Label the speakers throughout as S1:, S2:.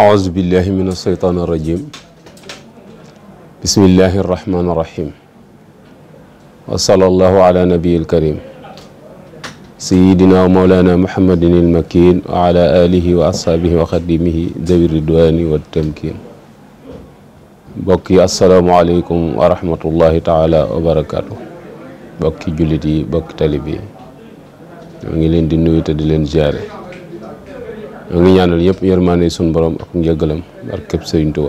S1: أعوذ بالله من الشيطان الرجيم بسم الله الرحمن الرحيم وصلى الله على نبي الكريم سيدنا ومولانا محمد المكين وعلى آله وأصحابه وخدمه ذوي الردوان والتمكين بقي السلام عليكم ورحمة الله تعالى وبركاته بقي جلدي بقي تلبي ñu ngi leen di nuyu te di leen ziare ñoo ngi ñaanal ñëpp yërmaande suñu borom ak njëggalam barkeb Sëriñ ñu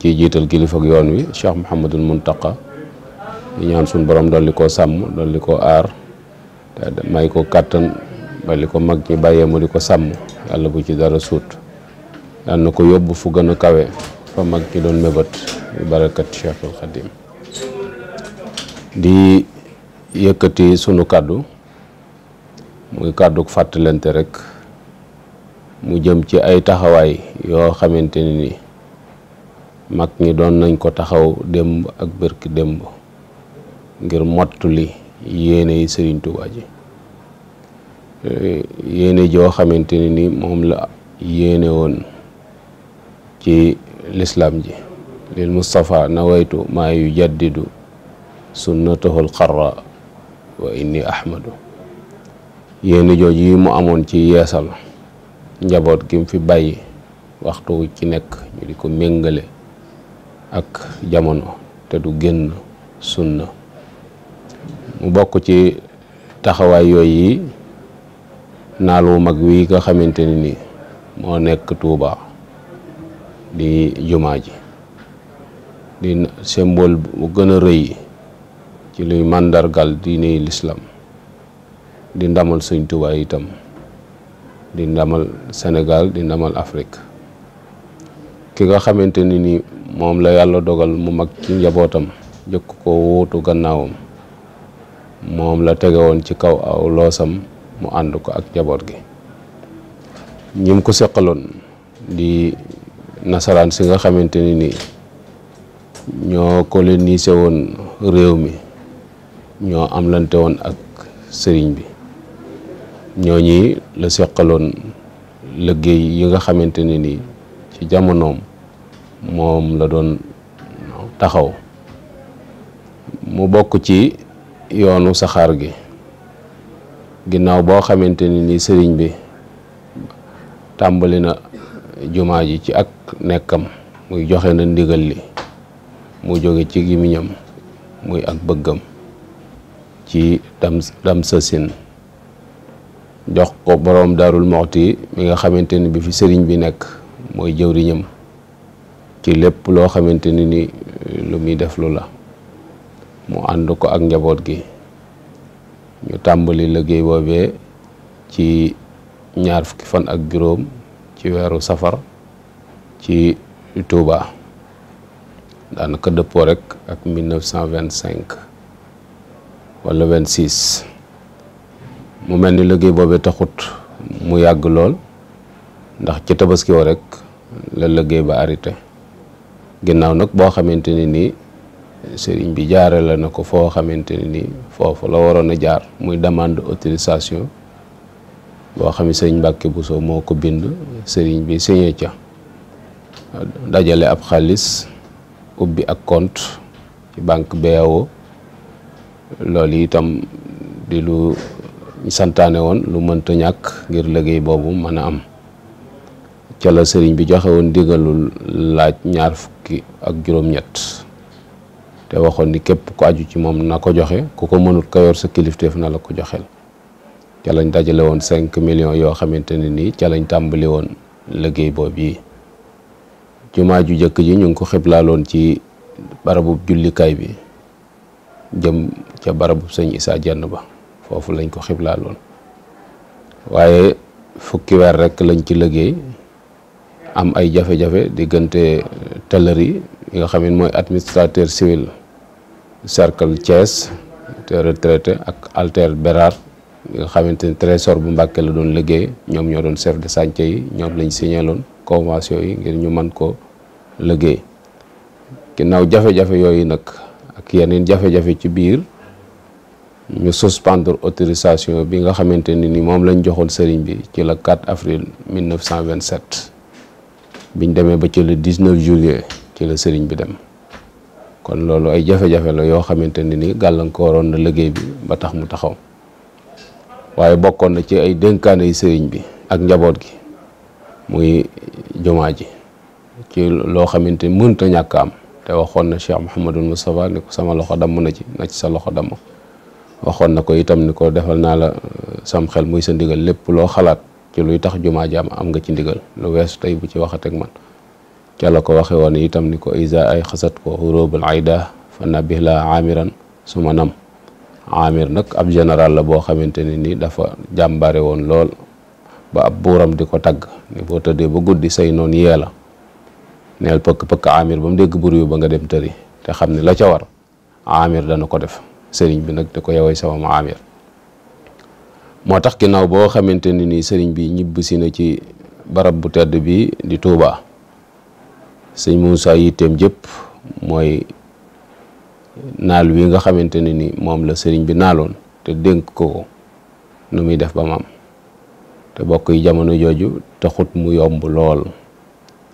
S1: ciy jiital kilifa ak yoon wi Cheikh Mouhamadul Muntaqa di ñaan suñu borom li ko sàmm dolli koo aar may ko kàttan dolli ko mag ñi bàyyee mu di ko sàmm yàlla bu ci dara suut daan ko yóbbu fu gën a kawe fa mag ñi doon mébét yu barakat Cheikhul Xadim di yëkkati sunu kàddu muy kàddu fàttalante rek. mu jëm ci ay taxawaay yoo xamante ni mag ñi doon nañ ko taxaw démb ak bërki démb ngir mottuli yéene yi sëriñ Tuubaa ji eh, yéene joo xamante ne ni moom la yéene woon ci lislaam ji lil Mustafa nawaytu maa yu jaddidu sunnatahul xarra wa inni ahmadu yéene jooju yi mu amoon ci yeesal njaboot gi mu fi bàyyi waxtu ci nekk ñu di ko méngale ak jamono te du génn sunna mu bokk ci taxawaay yooyu yi naal wu mag wi nga xamante ni moo nekk Touba di jumaa ji di symbole bu gën a rëy ci luy màndargal diine lislaam di ndamal Sëñ Touba itam di ndamal Sénégal di ndamal Afrique ki nga xamante ni ni moom la yàlla dogal mu mag ci njabootam jëkk ko wuutu gannaawam moom la tege woon ci kaw aw loosam mu ànd ko ak njaboot gi ñim ko seqaloon di nasaraan si nga xamante ni nii ñoo niise woon réew mi ñoo amlante woon ak sëriñ bi ñooñi la seqaloon liggéey yi nga xamante ne nii ci jamonoom moom la doon taxaw mu bokk ci yoonu saxaar gi ginnaaw boo xamante ni nii sëriñ bi tàmbali na jumaa ji ci ak nekkam muy joxe na ndigal li mu jóge ci gimiñam muy ak bëggam ci dam dam sësin jox ko boroom daarul moxti mi nga xamante ni bi fi sëriñ bi nekk mooy jëwriñam ci lépp loo xamante ni ni euh, lu muy def lu la mu ànd ko ak njaboot gi ñu tàmbali liggéey boobee ci ñaar fukki fan ak juróom ci weeru safar ci Touba daanaka dëppoo rek ak 1925 vingt 26 mu mel ni liggéey boobee taxut mu yàgg lool ndax ci tabaski woo rek la liggéey ba arrêté ginnaaw nag boo xamante ne nii sëriñ bi jaare na ko foo xamante ni foofu la waroon a jaar muy demande autorisation boo xam ne sëriñ Mbàkke Bousso moo ko bind sëriñ bi signé ca dajale ab xaalis ubbi ak compte ci banque BAO loolu itam di lu santaane woon lu mënta ñàkk ngir liggéey boobu mën a am ca la sëriñ bi joxewoon woon laaj ñaar fukki ak juróom-ñett te waxoon ni képp ku aju ci moom na ko joxe ku ko mënut ka yor sa kilifteef na la ko joxel ca lañ dajalewoon cinq million yoo xamante ne nii ca lañ tàmbali woon liggéey boobu yi jumaa ju jëkk ji ñu ngi ko xeblaaloon ci barabub jullikaay bi jëm ca barabub sëñ Isaa Jenn ba foofu lañ ko xiblaaloon waaye fukki weer rek lañ ci liggéey am ay jafe-jafe diggante teleri yi nga xam ne mooy administrateur civil cercle Thiès te retraité ak Alter Bérard yi nga xamante ni trésor bu Mbàkke la doon liggéey ñoom ñoo doon chef de chantier yi ñoom lañ signaloon convention yi ngir ñu mën ko liggéey ginnaaw jafe-jafe yooyu nag ak yeneen jafe-jafe ci biir ñu suspendre autorisation bi nga xamante ni nii moom lañ joxoon sëriñ bi ci le 4 avril 1927 biñ demee ba ci le 19 juillet ci la sëriñ bi dem kon loolu ay jafe-jafe la yoo xamante ni gàllankooroon na liggéey bi ba tax mu taxaw waaye bokkoon na ci ay dénkaane yu sëriñ bi ak njaboot gi muy jumaa ji ci loo xamante ni mënta ñàkk am te waxoon na Cheikh Mouhamadul Moustapha ne ko sama loxo damm na ci na ci sa loxo damm. waxoon na ko itam ni ko defal naa la uh, sam xel muy sa ndigal lépp loo xalaat ci luy tax jumaa jaam am nga ci ndigal lu weesu tey bu ci waxateeg man ca la ko waxe woon itam ni ko isa ay xasat ko xuróobal ayda fa nabih la amiran su nam amir nag ab général la boo xamante ne ni dafa jàmbare woon lool ba ab buuram di ko tagg ni boo tëddee ba guddi say noon yee la neel pëkk pëkk amir ba mu dégg bur ba nga dem tëri te xam ne la ca war amir dana ko def sëriñ bi nag da ko yaway sama maamir moo tax ginnaaw boo xamante ne nii sëriñ bi ñibbisi na ci barab bu tedd bi di Touba sëñ Moussa yitteem jëpp mooy naal wi nga xamante ni moom la sëriñ bi naaloon te dénk ko ko nu muy def ba mu te bokk yi jamono jooju taxut mu yomb lool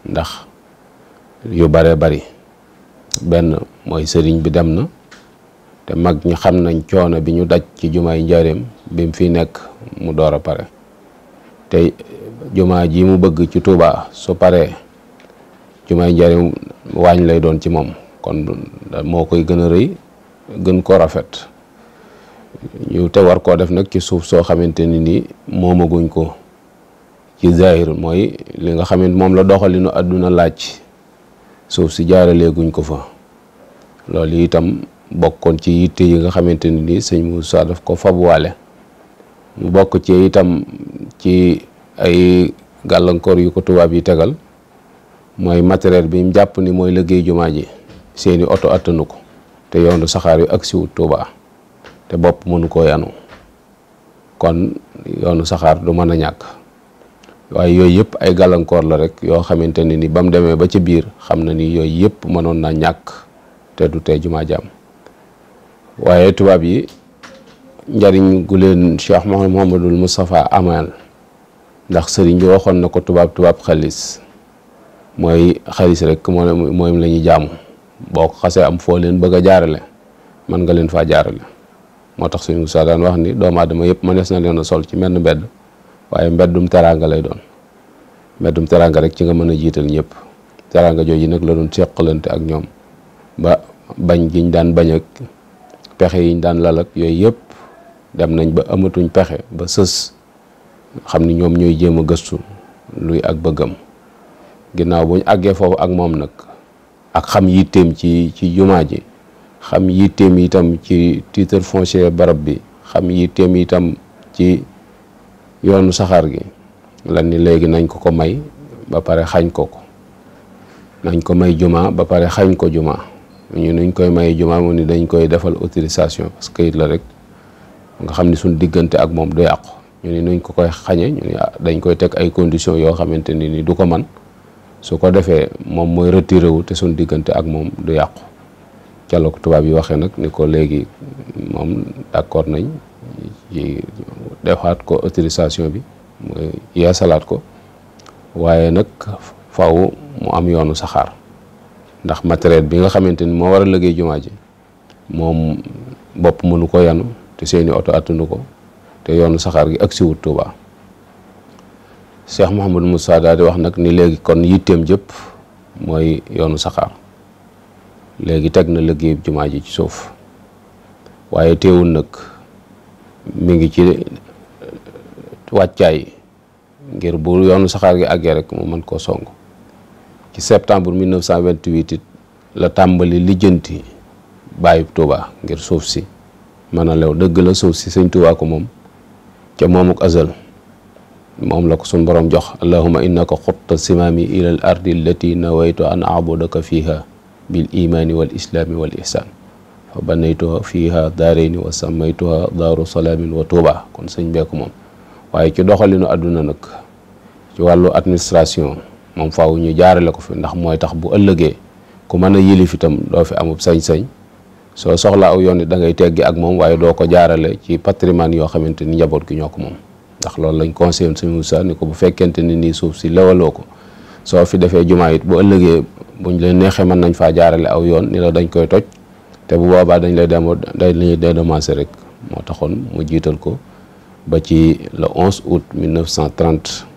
S1: ndax yu bare bari benn mooy sëriñ bi dem na te mag ñi xam nañ coono bi ñu daj ci jumaay njaareem bi mu fi nekk mu door a pare te jumaa ji mu bëgg ci Touba su paree jumaay njaareem waañ lay doon ci moom kon moo koy gën a rëy gën ko rafet ñu te war koo def nag ci suuf soo xamante ni nii moomaguñ ko ci zahir mooy li nga xamante moom la doxalinu àdduna laaj suuf si jaaraleeguñ ko fa loolu itam bokk kon ci yitte yi nga xamante ne ni sëñ saa daf ko fabuwaale mu bokk ci itam ci ay gàllankoor yu ko tubaab yi tegal mooy matériel bi mu jàpp ni mooy liggéey jumaa ji seeni oto attanu ko te yoonu saxaar yu ak siwut Tuubaa te bopp mënu koo yanu kon yoonu saxaar du mën a ñàkk waaye yooyu yëpp ay gàllankoor la rek yoo xamante ne ni ba mu demee ba ci biir xam na ni yooyu yëpp mënoon na ñàkk te du tey jumaa ji waaye tubaab yi njariñ gu leen Cheikh Mouhamadul Moustapha amal ndax sëriñ bi waxoon na ko tubaab tubaab xalis mooy xalis rek moo mooy la ñuy jaamu boo ko xasee am foo leen bëgg a jaarale mën nga leen faa jaarale moo tax suñu Moussa daan wax ni doomu aadama yëpp mënees na leen a sol ci menn mbedd waaye mbeddum teraanga lay doon mbeddum teraanga rek ci nga mën a jiital ñëpp teraanga jooju nag la doon seqalante ak ñoom ba bañ giñ daan bañ ak pexe yiñ daan lal ak yooyu yëpp dem nañ ba amatuñ pexe ba sës xam ni ñoom ñooy jéem a gëstu luy ak bëggam ginnaaw bu ñu àggee foofu ak moom nag ak xam yitteem ci ci jumaa ji xam yitteem itam ci titre foncier barab bi xam yitteem itam ci yoonu saxaar gi lan ni léegi nañ ko ko may ba pare xañ ko ko nañ ko may jumaa ba pare xañ ko jumaa ñu nuñ koy may jumaa mu ni dañ koy defal autorisation parce que kayit la rek nga xam ni suñ diggante ak moom du yàqu ñu ni nuñ ko koy xañee ñu ni dañ koy teg ay conditions yoo xamante ni ni du ko man su ko defee moom mooy retiré wu te suñ diggante ak moom du yàqu ca ko tubaab yi waxee nag ni ko léegi moom d'accord nañ ci defaat ko autorisation bi yeesalaat ko waaye nag faw mu am yoonu saxaar ndax matériel bi nga xamante ni moo war a liggéey jumaa ji moom bopp mënu ko yanu te seeni oto attanu ko te yoonu saxaar gi ak siwut Tuuba Cheikh Mouhamadou Moussa daal di wax nag ni léegi kon yitteem jëpp mooy yoonu saxaar léegi teg na liggéey jumaa ji ci suuf waaye teewul nag mi ngi ci wàccaay ngir bu yoonu saxaar gi àggee rek mu mën koo song ci septembre 1928 it la tàmbali lijjanti bàyyi Touba ngir suuf si mën a lew dëgg la suuf si sëñ Touba ko moom ca moomuk azal moom la ko suñ boroom jox allahuma innaka xutta simaami ila l ardi allati nawaytu an abudaka fiha bil imaani wal islaami wal ihsaan fa banaytuha wa sammaytuha kon sëñ beeku moom waaye ci doxalinu àdduna nag ci wàllu administration moom faaw ñu jaarale ko fi ndax mooy tax bu ëllëgee ku mën a yilif itam doo fi amub sañ-sañ soo soxla aw yoon da ngay teggee ak moom waaye doo ko jaarale ci patrimoine yoo xamante ni njaboot ki ñoo ko moom ndax loolu lañ conseillé suñu Moussa ni ko bu fekkente ni nii suuf si lewaloo ko soo fi defee jumaa it bu ëllëgee buñ leen neexee mën nañ faa jaarale aw yoon ni la dañ koy toj te bu boobaa dañ lay dem dañ lay dédommagé rek moo taxoon mu jiital ko ba ci le 11 août 1930